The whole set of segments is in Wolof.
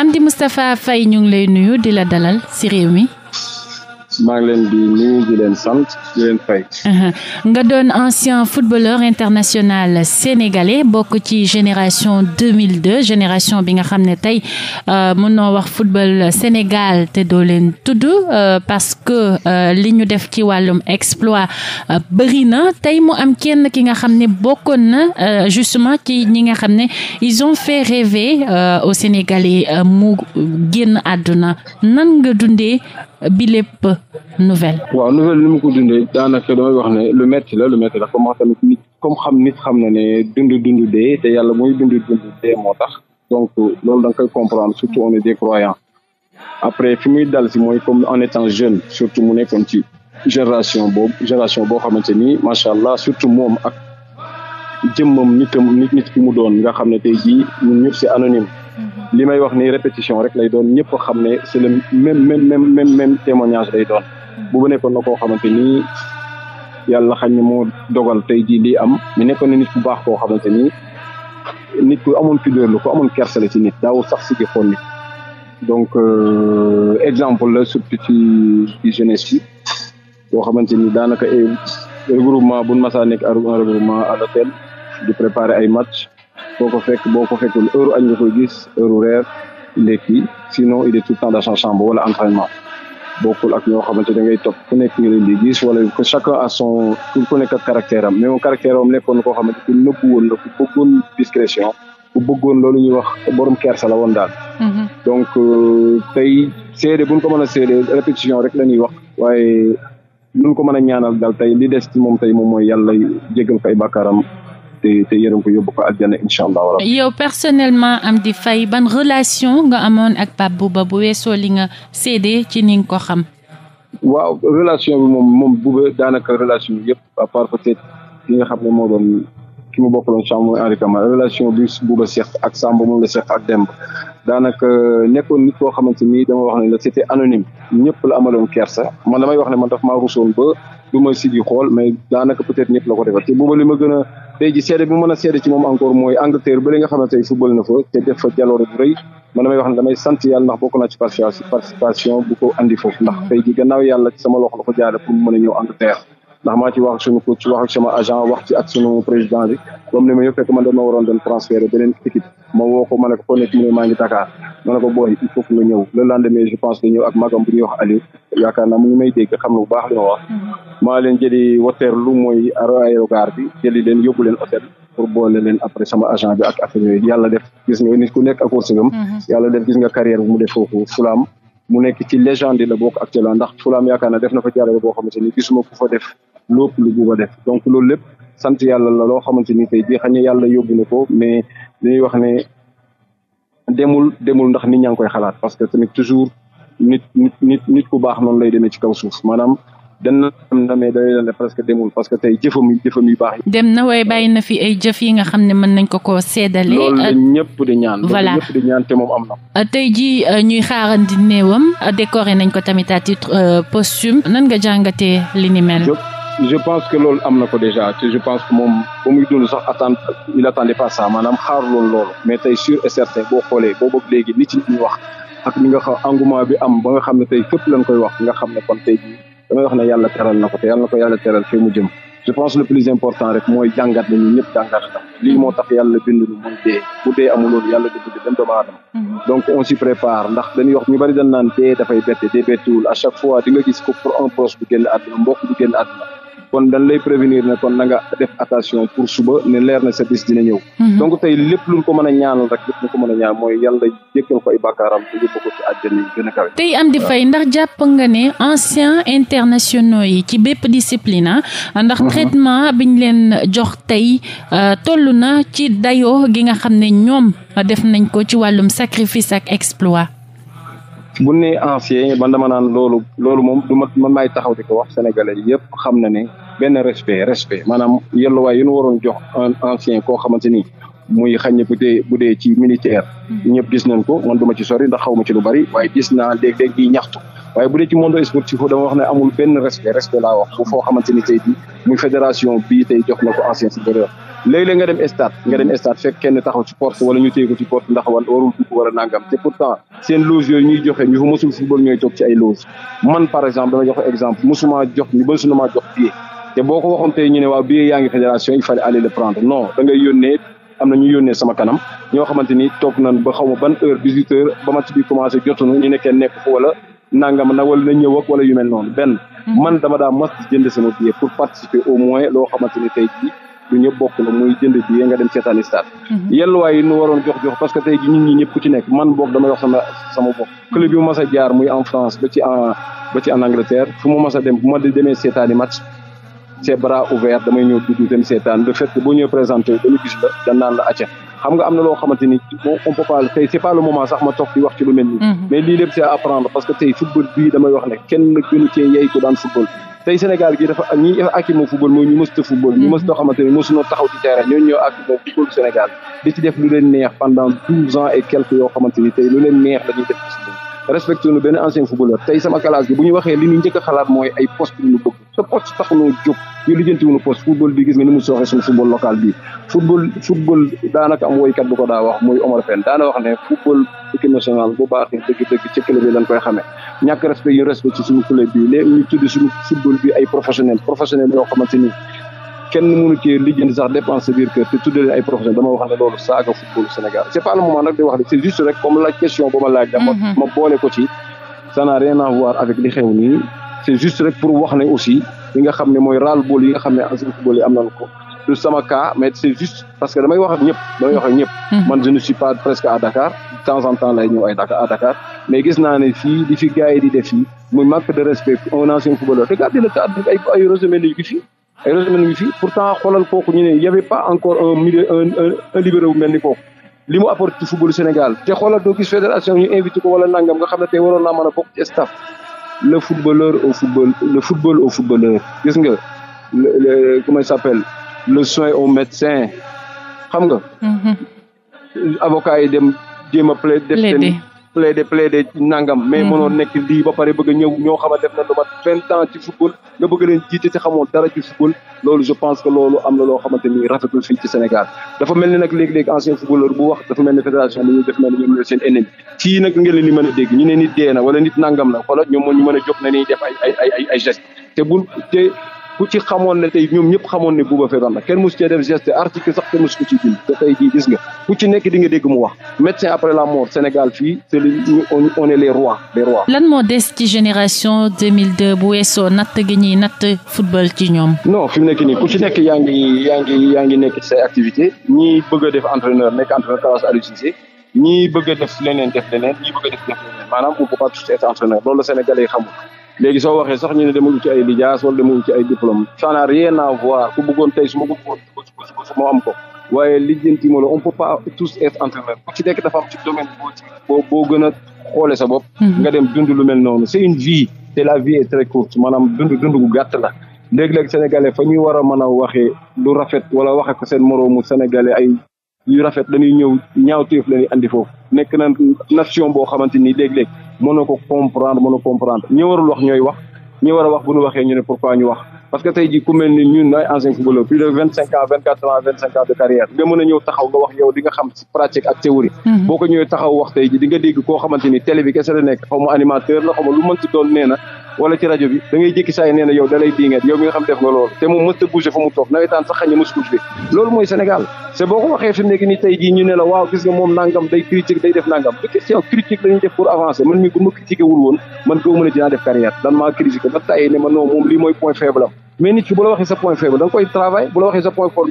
Amdy Moustapha Faye ñu ngi lay nuyu di la dalal ci réew mi. maa ngi leen di nuyu di leen sant di nga doon ancien footballeur international sénégalais bokk ci génération 2002 génération bi nga xam ne tey euh, mën noo wax football Sénégal te doo leen tudd euh, parce que euh, li ñu def ci wàllum exploit bëri na tey mu am kenn ki nga xam ne bokkoon na justement ci ñi nga xam ne ils ont fait rêver aux Sénégalais mu génn àdduna nan nga dundee. bi lépp nouvelle. waaw nouvelle ni mu ko dundee daanaka damay wax ne lu metti la lu metti la comme wax tamit comme xam nit xam na ne dund dund dee te yàlla mooy dund dund dee moo tax. donc loolu da nga koy comprendre surtout on est des croyants après fi muy dal si mooy comme en étant jeune surtout mu nekkoon ci génération bo génération boo xamante ni macha allah surtout moom ak jëmmam nitam nit nit ki mu doon nga xam ne tey jii ñun ñëpp c'est anonyme. Mhm. li may wax ni répétition rek lay doon ñëpp xam ne c'est le même même même même même témoignage lay doon mhm. bu bu nekkoon na koo xamante ni yàlla xañ ne moo dogal tey jii lii am mi nekkoon na nit ku baax koo xamante ni nit ku amoon pudeur la ku amoon kersa la si nit daawul sax si jëfoon nit donc euh, exemple la surtout ci ci jeunesse yi boo xamante ni daanaka regroupement bu masaan nekk un regroupement à l'hôtel di préparer ay match foo ko fekk boo ko fekkul heure añ nga koy gis heure reer ndekki sinon il est tout le temps dans sa chambre wala entraînement bokkul ak ñoo xamante da ngay topp ku nekk nga leen di gis wala que chacun a ku nekk ak caractère am mais moom caractère am nekkoon na koo xamante ku nëbbu woon la ku bëggoon discrétion ku bëggoon loolu ñuy wax borom kersa la woon daal. Mm-hmm. donc euh, tey seede bu ñu ko mën a seede répétition rek la ñuy wax waaye lu ñu ko mën a ñaanal daal tey li des moom tey moom mooy yàlla jégal ko ay bàkkaaram te te yërëm ko yóbbu ko àjjana incha allah. yow personnellement di Faye ban relation nga amoon ak Pape Bouba bu weesoo li nga seede ci ni nga ko xam. waaw relation bi moom moom Bouba daanaka relation bi yëpp à part peut xam ne moo doon ki mu bokkaloon chambre mooy Henri relation bi Bouba Seck ak Samba moom la Seck ak Demba daanaka nekkoon nit koo xamante ni dama wax ne la c'était anonyme ñëpp la amaloon kersa man damay wax ne ma daf maa rusoon ba. du ma si di xool mais daanaka peut-être ñëpp la ko defal te booba li ma gën a tey ji seede bi mën a seede ci moom encore mooy Angleterre ba li nga xamante ne football na fa te def fa jaloore bu rëy man damay wax ne damay sant yàlla ndax bokk naa ci participation bu ko andi foofu ndax tey ji gannaaw yàlla ci sama loxo la ko jaare pour mu mën a ñëw Angleterre ndax maa ci wax suñu ci wax sama agent wax ci ak suñu président bi moom ne ma yow fekk man dama waroon doon transféré beneen équipe ma woo ko ma ne ko foo nekk mu ne maa ngi Dakar ma ne ko booy il faut nga ñëw le lendemain je pense que ñëw ak magam bu ñuy wax Aliou yaakaar naa mu ngi may dégg xam na bu baax li ma wax mm-hmm. maa leen jëli Waterloo mooy aérogare bi jëli leen yóbbu leen hôtel pour boole leen après sama agent bi ak affaire gis nga nit ku nekk ak wërsëgam mm-hmm. yàlla def gis nga carrière bu mu def foofu Fulaam mu nekk ci légende la bokk actuellement ndax Fulaam yaakaar naa def na fa jaarale boo xamante ni gisuma ku fa def lépp lu bugg loolu lépp sant yàlla la loo xamante ni tey jii xañ na yàlla yóbbu na ko mais dañuy wax ne demul demul ndax nit ñaa ngi koy xalaat parce que tamit toujours nit nit nit nit ku baax noonu lay demee ci kaw suuf maanaam dana am na mais day ne presque demul parce que tey jëfam yi dem na waaye bàyyi na fi ay jëf yi nga xam ne mën nañ ko koo séddale. loolu la euh, ñëpp di ñaan. voilà ñëpp moom am na. Euh, tey euh, décoré nañ ko tamit à titre nan nga jàngatee li ni mel. je pense que loolu am na ko déjà te je pense que moom ba muy dund sax attend maanaam xaaruloon loolu mais tey sûr et xoolee boo bëgg léegi nit ñi wax ak ñi nga xam engouement bi am ba nga xam ne tey fépp lañ koy wax nga xam ne kon tey jii damay wax ne yàlla teral na ko te yàlla ko yàlla teral fee mu jëm je pense le plus important rek mooy jàngat na ñu ñëpp jàngat na lii moo tax yàlla bind lu muy dee bu dee amuloon yàlla du dem doomu mhm. donc on s'y prépare ndax dañuy wax ñu bari dañ naan dee dafay bette dee bettiwul à chaque fois di nga gis ko pour un proche bu génn àdduna mbokk bu kon dañ lay prévenir ne kon na nga def attention pour suba ne leer na sa bis dina ñëw. Mhm. donc tey lépp luñ ko mën a ñaanal rek lépp lu ko mën a ñaan mooy yàlla jëkkal ko ay bàkkaaram te yóbbu ko ci ndax jàpp nga ne anciens internationaux yi ci bépp discipline ah, ndax mhm. traitement biñ leen jox tey euh, toll na ci dayo gi nga xam ne ñoom def nañ ko ci wàllum sacrifice ak exploit. bu ne ancien man dama naan loolu loolu moom du ma man maay taxaw di ko wax sénégalais yëpp xam na ne benn respect respect maanaam yelluwaay yu ñu waroon jox un ancien koo xamante ni muy xañ ne bu dee ci militaire. Hmm. ñëpp gis nañ ko man duma ci sori ndax xaw ma ci lu bari waaye gis naa léeg-léeg di ñaxtu. waaye bu dee ci monde sportif dama wax ne amul benn respect respect laa wax foo xamante ni tey jii muy fédération bii tey jox na ko ancien supérieur léeg-léeg nga dem stade nga dem stade fekk kenn taxaw ci porte wala ñu téye ko ci porte ndax wala warul dugg wala nangam te pourtant seen loge yooyu ñuy joxe ñu fa mosul ñooy toog ci ay loge man par exemple dama joxe exemple mosuma jox ñu ba sunu maa jox fii. te boo ko waxoon tey ñu ne waaw billet yaa ngi fédération il fallait aller le prendre non da yónnee am na ñu yónnee sama kanam ñoo xamante ni toog nañ ba xaw ma ban heure 18 heures ba match bi commencé jotuñu ñu ne nekkee nekk fa wala nangam na wala na ñëw wala yu mel noonu benn. Hmm. man dama daa mas jënd sama billet pour participer au moins loo xamante ni tey jii du ñëpp bokk la muy jënd billet nga dem seetaani stade. Hmm. yelluwaay yi ñu waroon jox jox parce que tey jii ñun ñi ñëpp ku ci nekk man boog dama wax sama sama bopp. club a jaar muy en France ba ci en ba ci en Angleterre fu mu mas a dem bu ma demee seetaani match. c'est bras ouvert damay ñëw dugg dem seetaan le fait que boo ñëw présenté dañu gis la dañ naan la acca xam nga am na loo xamante ni on peut pas tey c'est pas le moment sax ma toog di mhm. parce que tey football bii damay wax ne kenn gënu cee yey daan football tey Sénégal gi dafa ñi akki football mooy ñu mësta football ñu mhm. mësta xamante ni mësunoo taxaw ci terrain ñooñu ñoo akki football Sénégal di ci def lu leen neex pendant douze ans et quelques yoo xamante tey lu leen neex la def ci respecté nu benn ancien footballeur tey sama classe bi bu ñu waxee li ñu njëkk a xalaat mooy ay poste yu ñu bëgg te poste tax noo jóg ñu lijjanti wuñu poste football bi gis nga ni mu sooxee suñu football local bi football football daanaka am woykat bu ko daa wax muy Omar Pène daana wax ne football équipe nationale bu baaxee dëgg-dëgg ci club yi lañ koy xamee ñàkk respect yu respect ci suñu club bi léegi ñu tudd suñu football bi ay professionnel professionnel ni kenn mënu cee lijjanti sax dépense sa biir kër te dama wax ne loolu saaga football Sénégal c'est pas le moment nag di wax ne mhm. c'est juste rek pour wax ne aussi li nga xam ne mooy ras-le-bol yi nga xam ne ancien football yi am nañu ko sama cas mais c'est juste parce que damay wax ak ñëpp damay wax ak ñëpp mhm. man je ne suis presque à Dakar temps en temps lay ñëw ay Dakar mais gis naa ne fii di fi gars yi di def fii muy manque de respect un ancien footballeur regardez le cas ay heureusement mi ngi fi pourtant xoolal kooku ñu ne y avait pas encore un milieu un mel ni kooku li mu apporte ci footballu Sénégal te xoolal doo gis fédération ñu invité ko wala nangam nga xam ne tey waroon naa mën a bokk ci staff le footballeur au football le football au footballeur gis nga le comment le soin au médecin xam nga. Mhm. avocat yi dem jéem a plaider. plaider plaidé plaidé nangam. mais mm-hmm. mënoo nekk lii ba pare bëgg a ñëw ñoo xam ne def na lu mat vingt ans ci football nga bëgg leen jiite ci xamoo dara ci football loolu je pense que loolu am na loo xamante ni rafetul fii ci Sénégal dafa mel ni nag léeg-léeg ancien footballeur bu wax dafa mel ne fédération bi ñu def mel ni ñoom ñooy seen ennemi fii nag ngeen ni di a dégg ñu ne nit dee na wala nit nangam na xoolal ñoom ñu mën a jóg na ñuy def ay ay ay te bu te ku ci xamoon ne tey ñoom ñëpp xamoon ne Bouba feebar na kenn mosu cee def geste article sax kenn mosu ko ci bind nga ku ci nekk di nga dégg mu wax médecin après la mort Sénégal fii c'est on est les rois les rois. lan moo des ci génération 2002 bu weesoo natt gi ñuy natt football ci ñoom. non fi mu nekk nii ku ci nekk yaa ngi yaa ngi yaa ngi nekk ci say activité ñii bëgg a def entraîneur nekk entraîneur Kalaas Aliou Cissé ñii bëgg a def leneen def leneen ñii bëgg a def leneen maanaam on léegi soo waxee sax ñu ne demuñu ci ay lijaas wala demuñu ci ay diplôme ça n'a rien à voir ku bëggoon tey su ma bëggoon suba suba su am ko waaye lijjanti ma la on peut pas tous être entraîneur ku ci nekk dafa am ci domaine gën a xoole sa bopp hmm. nga dem dund lu mel noonu c'est une vie te la vie est très courte maanaam dund dund gu gàtt la léegi-léegi sénégalais fa ñuy war a mën a waxee lu rafet wala waxe ko seen moroomu sénégalais ay yu rafet dañuy ñëw ñaawteef la ñuy andi foofu nekk na nation boo xamante ni léeg-léeg mënoo ko comprendre mënoo comprendre ñi warul wax ñooy wax ñi war a wax bu ñu waxee ñu ne pourquoi ñu wax. parce que tey jii ku mel ni ñun ay anciens footballeurs plus de vingt cinq vingt quatre ans vingt cinq de carrière nga mën a ñëw taxaw nga wax yow di xam pratique ak théorie. Mm-hmm. boo ko ñëwee taxaw wax tey ji di dégg koo xamante télé bi kese wala ci rajo bi da ngay saa yi nee na yow da lay mi nga xam def nga loolu te moom mës ta bougé fu mu toog nawetaan sax xañ a mës bougé loolu mooy Sénégal c'est boo ko waxee fi mu nii tey jii ñu ne nga moom nangam bu a dinaa def mooy point la waxee sa point faible bu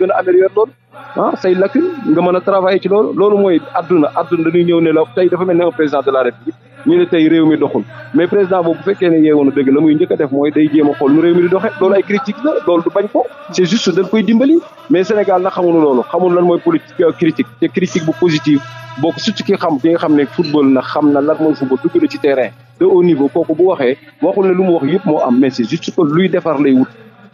gën a améliorer loolu ah, say lacune nga mën a travailler ci loolu loolu mooy adduna adduna dañuy ñëw ne la tey dafa mel ne un président de la république ñu ne tey réew mi doxul mais président boobu bu fekkee ne yeewoon dëgg la muy njëkk a def mooy day jéem a xool nu réew mi di doxee loolu ay critique la loolu du bañ ko c'est juste dañ koy dimbali mais Sénégal nag xamul loolu xamul lan mooy politique euh, critique te critique bu positive boo ko surtout ki xam ki nga xam ne football na xam na lan mooy football dugg na ci terrain de haut niveau kooku bu waxee waxul ne lu mu wax yëpp moo am mais c'est juste que luy defar lay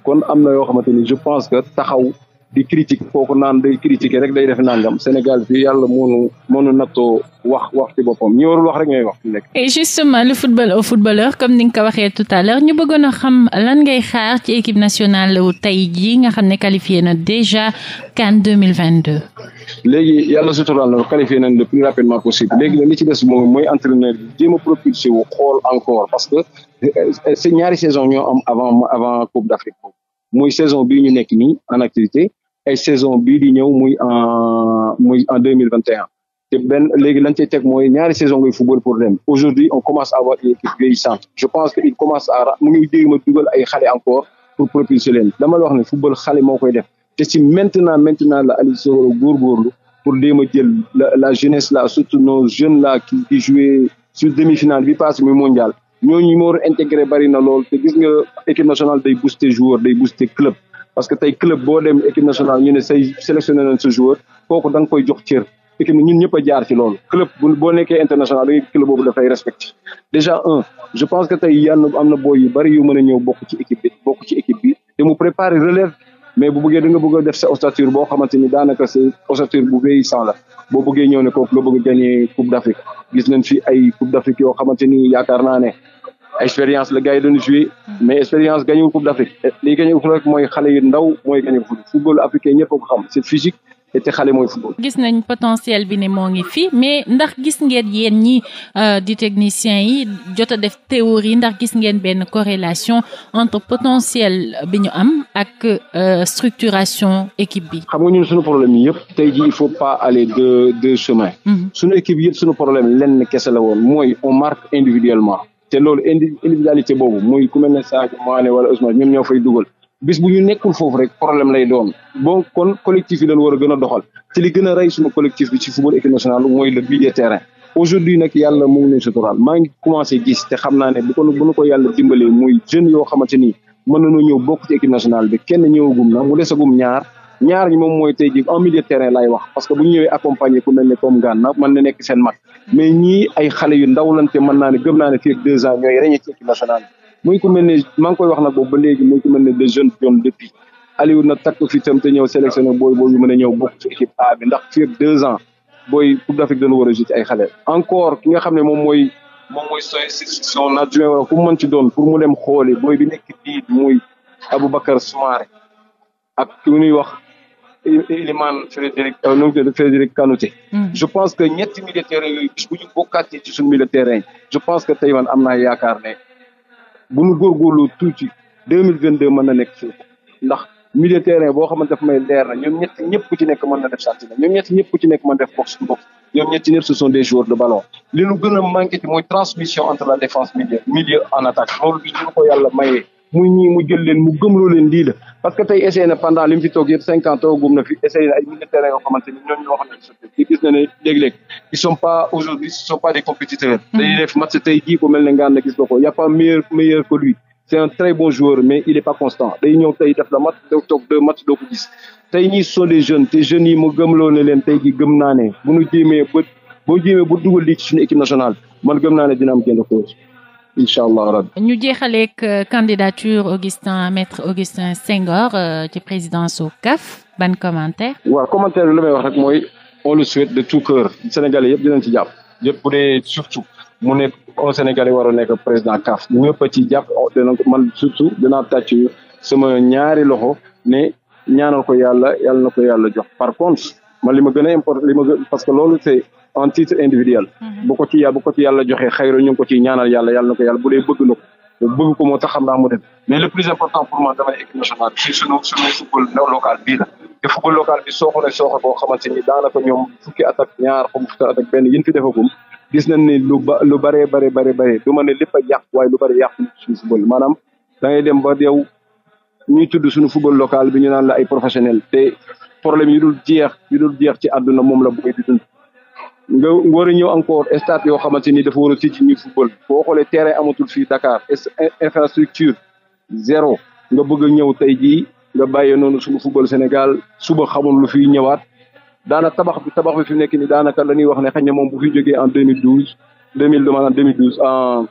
kon am na yoo xamante ni je pense que taxaw di critique kooku naan day critiquer rek day def nangam Sénégal bi yàlla moonu moonu nattoo wax wax ci boppam ñi warul wax rek ñooy wax fi nekk. et justement comme ni nga ko waxee tout à l'heure ñu bëggoon a xam lan ngay xaar ci équipe nationale tey jii nga xam ne qualifié na déjà CAN 2022. léegi yàlla suturaal na qualifié nañ le plus rapidement possible ci des moom mooy entraîneur bi jéem a propulsé wu xool encore parce que euh, c'est ñaari saison ñoo am avant avant Coupe d'Afrique mooy saison bii ñu nekk nii en activité ay saison bii di ñëw muy en muy en deux mille vingt et un te léegi lañ cay teg mooy ñaari saison ngay football pour dem aujourd'hui on commence à avoir une équipe je pense que il mu ngi dégg ma dugal ay xale encore pour leen dama la wax ne football xale moo koy def te si maintenant maintenant la Aliou Cissé war a góorgóorlu pour déem a jël la jeunesse là surtout nos jeunes là qui qui joué sur bi passe muy mondial ñooñu moo bari na lool te gis nga équipe nationale day booster joueur day booster club parce que tey club boo dem équipe nationale ñu ne say sélectionné nañ joueur kooku da koy jox cër équipe bi ñun ñëpp a jaar ci loolu club boo nekkee international da ngay club boobu dafay respecté déjà un je pense que tey yann am na booy yu bari yu mën a ñëw bokk ci équipe bi bokk ci équipe bi te mu préparer relève mais bu bëggee da nga bëgg a def sa ossature boo xamante ni daanaka sa ossature bu vieillissant la boo bëggee ñëw ne kooku nga bëgg a gagné coupe d' gis nañ fi ay coupe d' yoo xamante ni yaakaar ne expérience la gars yi doon joué mais expérience gagné wu Coupe d'Afrique lii gagné Coupe d'Afrique mooy xale yu ndaw mooy gagné football africain ñëpp a xam c'est physique et te xale mooy football. gis nañ potentiel bi ne moo ngi fi mais ndax gis ngeen yéen ñi euh, di techniciens yi jot a def théorie ndax gis ngeen benn corrélation entre potentiel bi ñu am ak euh, structuration équipe bi. xam nga ñu suñu problème yëpp tey jii il faut pas aller de deux chemins. Mm-hmm. te loolu indi individualité boobu muy ku mel ne Sadio Mané wala Ousmane ñoom ñoo fay dugal bis bu ñu nekkul foofu rek problème lay doon bon kon collectif yi dañu war a gën a doxal ci li gën a suma collectif bi ci football équipe nationale mooy le milieu terrain aujourd'hui nag yàlla mu ngi ne sutural maa ngi commencé gis te xam naa ne bu ko bu nu ko yàlla dimbalee muy jeunes yoo xamante ni mën nañoo ñëw bokk ci équipe nationale bi kenn ñëwagum na mu desagum ñaar ñaar ñi moom mooy tey jii en milieu de lay wax parce que bu ñu ñëwee accompagner ku mel ne comme Gana mën na nekk seen mag mais ñi ay xale yu ndaw lañ te mën naa ne gëm naa ne fii ak deux ans ñooy reñe ci nationale muy ku mel ne koy wax nag boobu ba léegi muy ku mel ne jeunes jeunes depuis Aliou na takk fi tam te ñëw sélectionné booy booy yu mën a ñëw bokk ci équipe A bi ndax fii ak deux ans booy Coupe d'Afrique dañu war a ci ay xale encore ki nga xam ne moom mooy moom mooy soy son adjoint mën ci doon pour mu dem xooli booy bi nekk bii muy Aboubacar Soumaré ak ki ñuy wax Iliman Frédéric euh, nu hmm. je pense que ñetti milieu de terrain je pense que tey man am naa yaakaar ne bu ñu góorgóorloo tuuti deux mille vingt deux mën na nekk ndax milieu terrain boo xamante daf may leer na ñoom ñetti ñëpp ci nekk mën na def santi na ñoom ñetti ñëpp ku ci nekk mën def box box ñoom ñetti ñëpp ce sont des joueurs de ballon li ñu gën a mooy transmission entre la défense milieu milieu en attaque loolu bi ñu ko yàlla mayee mu ñii mu jël leen mu gëmloo leen lii la parce que tey essayé na pendant li mu fi toog yëpp cinq ans toogum na fi essayé na ay militaires yoo xamante ni ñoom ñoo xam ne sotti di gis na ne léeg-léeg ils sont pas aujourd'hui ils sont pas des compétiteurs hmm. dañuy match tey jii ko mel ne ngaan na gis nga ko y a pas meilleur meilleur que lui c'est un très bon joueur mais il est pas constant day ñëw tay def la match doo toog deux match doo ko gis tey ñii sont des jeunes te jeunes yi mu gëmloo leen tey jii gëm naa ne bu ñu jéemee boo jéemee bu dugal lii ci suñu man gëm naa ne dina am gain incha allah rabbi ñu jeexaleeg euh, candidature Augustin maître Augustin Senghor euh, ci présidence su CAF ban commentaire. waaw commentaire bi li may wax rek mooy on le souhaite de tout cœur sénégalais yëpp dinañ ci jàpp. yëpp bu dee surtout mu nekk un sénégalais war nekk président CAF ñëpp a ci jàpp oh, dina man surtout dinaa tàcc sama ñaari loxo ne ñaanal ko yàlla yàlla na yàlla jox par contre ma gën a important li ma parce que loolu c'est en titre individuel. Mhm. bu ko ci bu ko ci yàlla joxe xayro ñu ko ci ñaanal yàlla yàlla na ko yàlla bu dee bëgg na ko. mu bëgg ko moo tax xam naa mu dem mais le plus important pour moi damay équipe nationale ci sunu sunu football local bi ñoom fukki at ak ñaar xaw ma fukki at ak benn yi ñu gis nañ ni lu ba lu bëree bëri bëri bëri du ma ne lépp a yàq waaye lu bëri yàqu suñu football maanaam da ngay dem ba yow ñuy tudd suñu football local bi ñu naan la ay professionnel te problème yi dul jeex yu dul jeex ci àdduna moom la booy nga war a ñëw encore stade yoo xamante ni dafa war a tijji ñu football boo xoolee terrain amatul fii Dakar infrastructure zéro nga bëgg a ñëw tey jii nga bàyyee noonu suñu football Sénégal suba xamul lu fiy ñëwaat daana tabax bi tabax bi fi mu nekk nii daanaka la ñuy wax ne xañ na moom bu fi jógee en 2012 mille maanaam 2012 en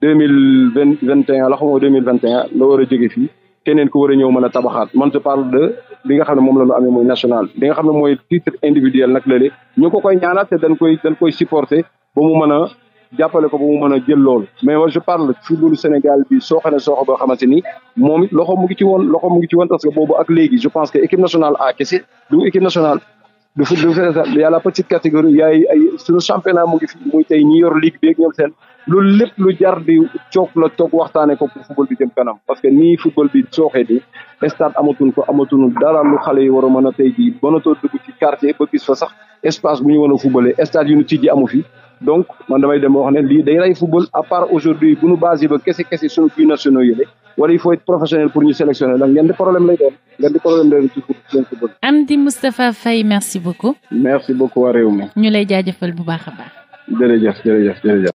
2020 21 la xamoo 2021 la war a jóge fii keneen ku war a ñëw mën a tabaxaat man je parle de li nga xam ne moom la ñu amee mooy national li nga xam ne mooy titre individuel nag léeg-léeg ñu ko koy ñaanaat te dañ koy dañ koy ba mu mën a jàppale ko ba mu mën a jël loolu mais wa je parle footballu Sénégal bi sooxe na sooxe boo xamante ni moom it loxo mu ngi ci woon loxo mu ngi ci woon parce que boobu ak léegi je pense que équipe nationale A kese du équipe nationale dafa dafa y a la petite catégorie y a ay suñu championnat mu ngi fi muy tey ñi yor ligue bi ak ñoom seen loolu lépp lu jar di coog la toog waxtaanee ko pour football bi jëm kanam parce que nii football bi sooxee di stade amatuñ ko dara lu xale yi war a mën a tey jii mënatoo dugg ci quartier ba gis fa sax espace bu ñu mën a footballé stade yu ñu tijji amu fi donc man damay dem wax ne lii day rey football à part aujourd'hui bu nu basé ba kese wala il faut professionnel pour ñu sélectionner donc ngeen di problème lay doon ngeen di problème lay doon ci leen ko bëgg. merci beaucoup. merci beaucoup waa réew mi. ñu lay jaajëfal bu baax a baax. jërëjëf jërëjëf jërëjëf.